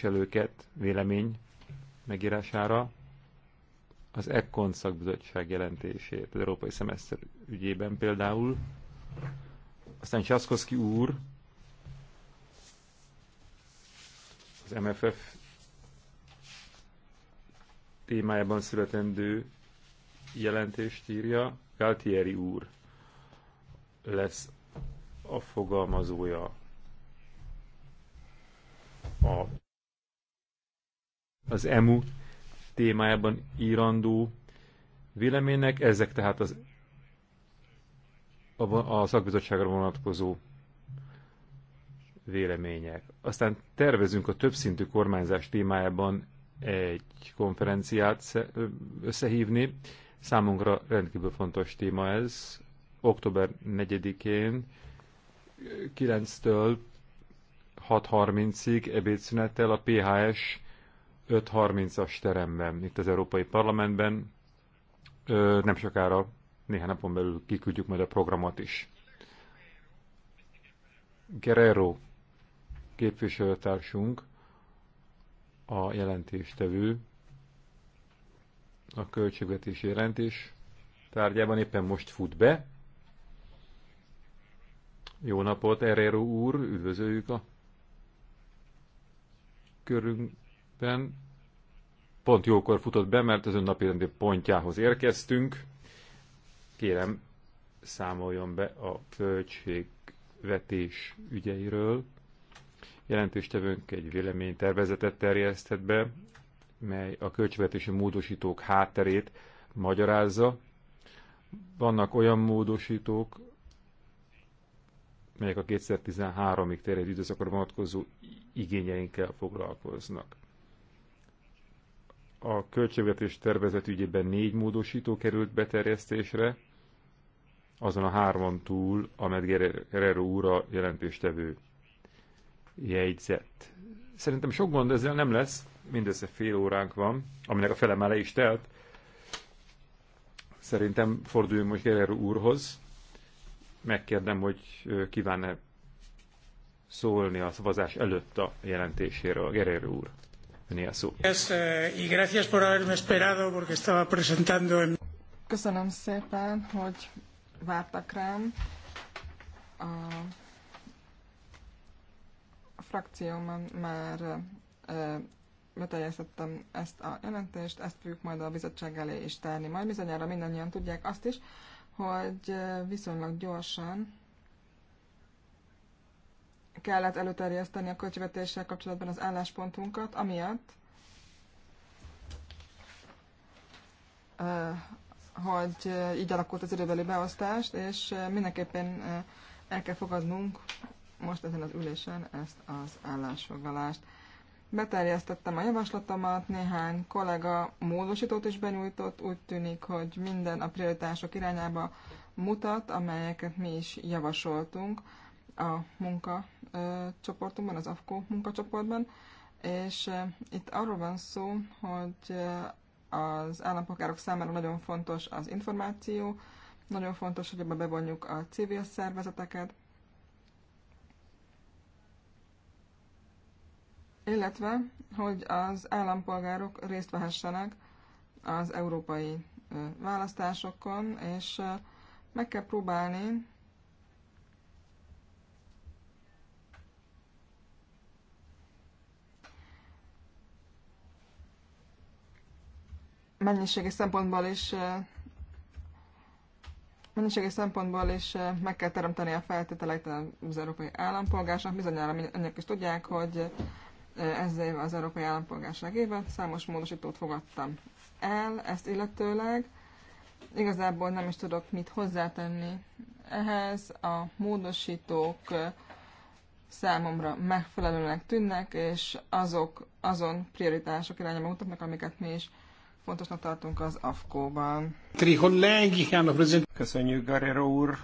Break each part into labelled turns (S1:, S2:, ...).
S1: képviselőket vélemény megírására az ECON szakbizottság jelentését az európai szemeszter ügyében például. Aztán Csaszkoszki úr az MFF témájában születendő jelentést írja. Galtieri úr lesz a fogalmazója a az EMU témájában írandó vélemények ezek tehát az, a, a szakbizottságra vonatkozó vélemények. Aztán tervezünk a többszintű kormányzás témájában egy konferenciát összehívni. Számunkra rendkívül fontos téma ez. Október 4-én 9-től 6.30-ig ebédszünettel a PHS 5.30-as teremben, itt az Európai Parlamentben. Nem sokára, néhány napon belül kiküldjük majd a programot is. Guerrero képviselőtársunk, a jelentéstevő, a költségvetési jelentés tárgyában éppen most fut be. Jó napot, Erero úr, üdvözöljük a körünk, Ben pont jókor futott be, mert az önnapi rendi pontjához érkeztünk. Kérem, számoljon be a költségvetés ügyeiről. Jelentéstevőnk egy véleménytervezetet terjesztett be, mely a költségvetési módosítók hátterét magyarázza. Vannak olyan módosítók, melyek a 2013-ig terjedő időszakra vonatkozó igényeinkkel foglalkoznak. A költségvetés tervezet ügyében négy módosító került beterjesztésre, azon a hárman túl, amelyet Guerrero úr a jelentéstevő jegyzett. Szerintem sok gond ezzel nem lesz, mindössze fél óránk van, aminek a fele már le is telt. Szerintem forduljunk most Guerrero úrhoz. Megkérdem, hogy kíván-e szólni a szavazás előtt a jelentéséről, Guerrero
S2: úr. Öné Köszönöm szépen, hogy vártak rám. A, frakcióban már eh, beteljesztettem ezt a jelentést, ezt fogjuk majd a bizottság elé is tárni. Majd bizonyára mindannyian tudják azt is, hogy eh, viszonylag gyorsan kellett előterjeszteni a költségvetéssel kapcsolatban az álláspontunkat, amiatt, hogy így alakult az időbeli beosztást, és mindenképpen el kell fogadnunk most ezen az ülésen ezt az állásfoglalást. Beterjesztettem a javaslatomat, néhány kollega módosítót is benyújtott, úgy tűnik, hogy minden a prioritások irányába mutat, amelyeket mi is javasoltunk a munka csoportunkban, az AFKO munkacsoportban, és itt arról van szó, hogy az állampolgárok számára nagyon fontos az információ, nagyon fontos, hogy ebbe bevonjuk a civil szervezeteket, illetve, hogy az állampolgárok részt vehessenek az európai választásokon, és meg kell próbálni mennyiségi szempontból is mennyiségi szempontból is meg kell teremteni a feltételeit az európai állampolgárság. Bizonyára önök is tudják, hogy ez év az európai állampolgárság éve. Számos módosítót fogadtam el ezt illetőleg. Igazából nem is tudok mit hozzátenni ehhez. A módosítók számomra megfelelőnek tűnnek, és azok azon prioritások irányába mutatnak, amiket mi is fontosnak tartunk az AFKO-ban.
S3: Köszönjük, Guerrero úr!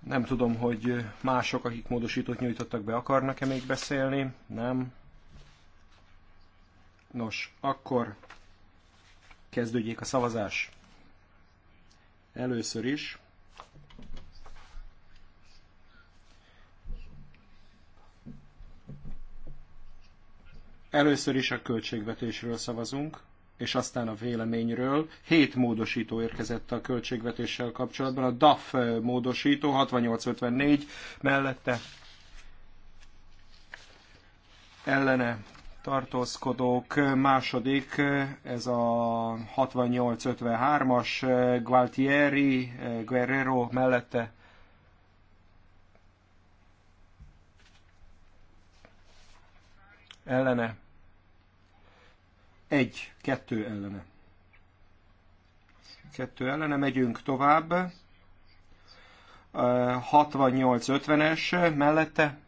S3: Nem tudom, hogy mások, akik módosítót nyújtottak be, akarnak-e még beszélni? Nem? Nos, akkor kezdődjék a szavazás. Először is Először is a költségvetésről szavazunk és aztán a véleményről. Hét módosító érkezett a költségvetéssel kapcsolatban. A DAF módosító 6854 mellette ellene tartózkodók második, ez a 6853-as Gualtieri Guerrero mellette ellene egy, kettő ellene. Kettő ellene, megyünk tovább. 68-50-es mellette.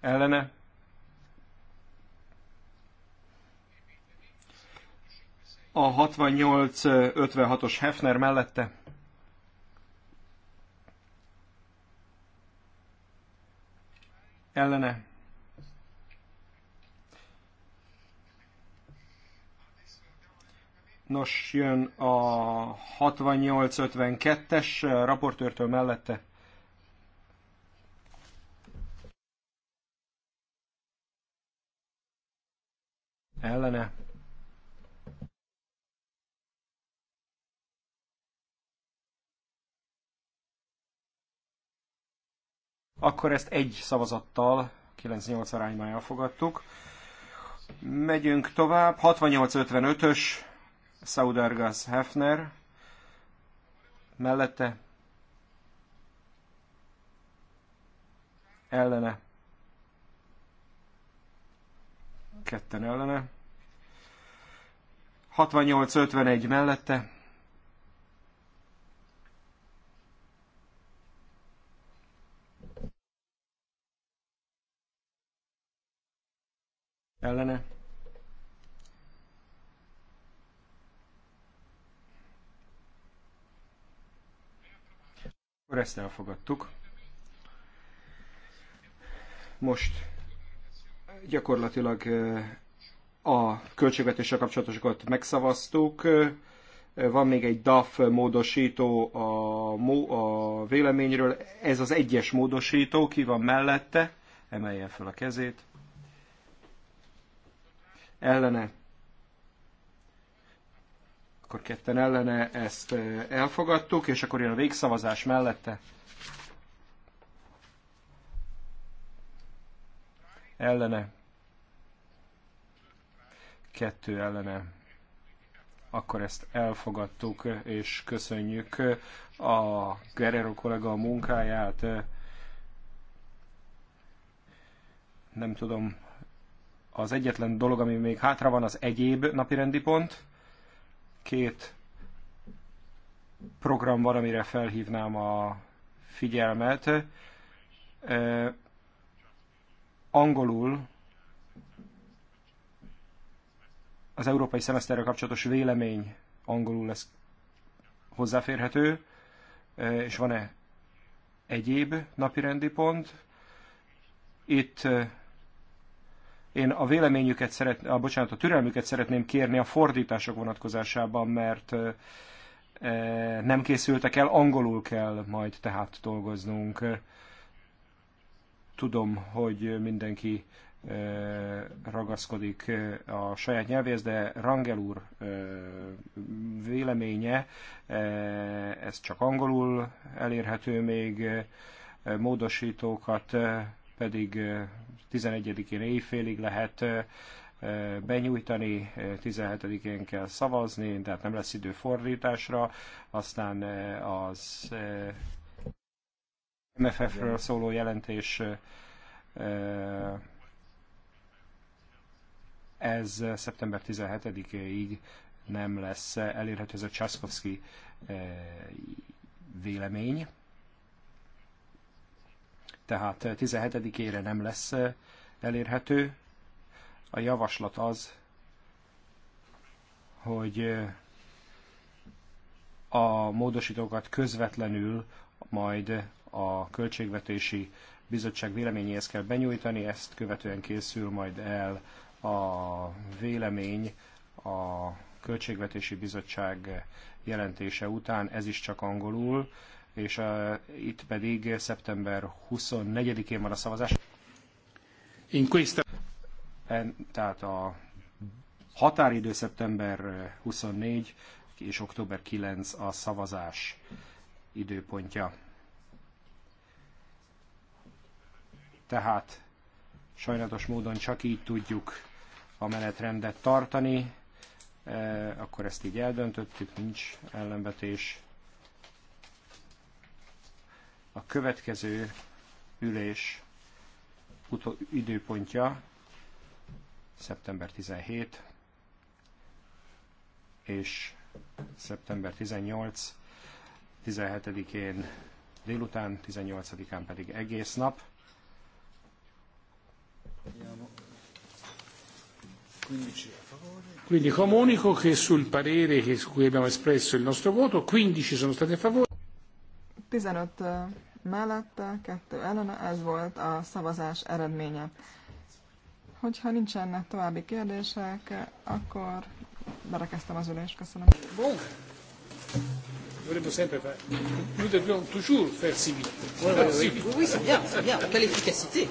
S3: Ellene. A 68-56-os Hefner mellette. 68-56. ellene. Nos, jön a 68-52-es eh, raportőrtől mellette. Ellene. Akkor ezt egy szavazattal, 9-8 arányban elfogadtuk. Megyünk tovább. 68-55-ös Saudargas Hefner mellette ellene ketten ellene 68-51 mellette ellene. Akkor ezt elfogadtuk. Most gyakorlatilag eh, a költségvetéssel kapcsolatosokat megszavaztuk. Eh, van még egy DAF módosító a, a véleményről. Ez az egyes módosító, ki van mellette? Emeljen fel a kezét ellene, akkor ketten ellene ezt eh, elfogadtuk, és akkor jön a végszavazás mellette. Ellene. Kettő ellene. Akkor ezt elfogadtuk, és köszönjük a Guerrero kollega munkáját. Nem tudom, az egyetlen dolog, ami még hátra van, az egyéb napirendi pont. Két program van, amire felhívnám a figyelmet. Angolul az európai szemeszterrel kapcsolatos vélemény angolul lesz hozzáférhető, és van-e egyéb napirendi pont. Itt én a véleményüket szeret, a, bocsánat, a türelmüket szeretném kérni a fordítások vonatkozásában, mert nem készültek el, angolul kell majd tehát dolgoznunk. Tudom, hogy mindenki ragaszkodik a saját nyelvéhez, de Rangel úr véleménye, ez csak angolul elérhető még, módosítókat pedig 11-én éjfélig lehet benyújtani, 17-én kell szavazni, tehát nem lesz idő fordításra, aztán az MFF-ről szóló jelentés ez szeptember 17-ig nem lesz elérhető, ez a Csaszkowski vélemény tehát 17-ére eh, nem lesz eh, elérhető. A javaslat az, hogy eh, a módosítókat közvetlenül majd a költségvetési bizottság véleményéhez kell benyújtani, ezt követően készül majd el a vélemény a Költségvetési Bizottság jelentése után, ez is csak angolul, és e, itt pedig szeptember 24-én van a szavazás. In questa... En, tehát a határidő szeptember 24 és október 9 a szavazás időpontja. Tehát sajnálatos módon csak így tudjuk a menetrendet tartani, e, akkor ezt így eldöntöttük, nincs ellenvetés. A következő ülés utó időpontja szeptember 17 és szeptember 18, 17-én délután, 18-án pedig egész nap. Quindi comunico che sul parere che su cui abbiamo espresso il nostro voto 15 sono stati a favore.
S2: 15 mellette, kettő ellene, ez volt a szavazás eredménye. Hogyha nincsenek további kérdések, akkor berekeztem az ülést. Köszönöm.
S3: Bon. Volevo sempre fare. Noi dobbiamo toujours faire si vite. Oui, oui, oui. c'est bien, c'est bien. Quelle
S1: efficacité.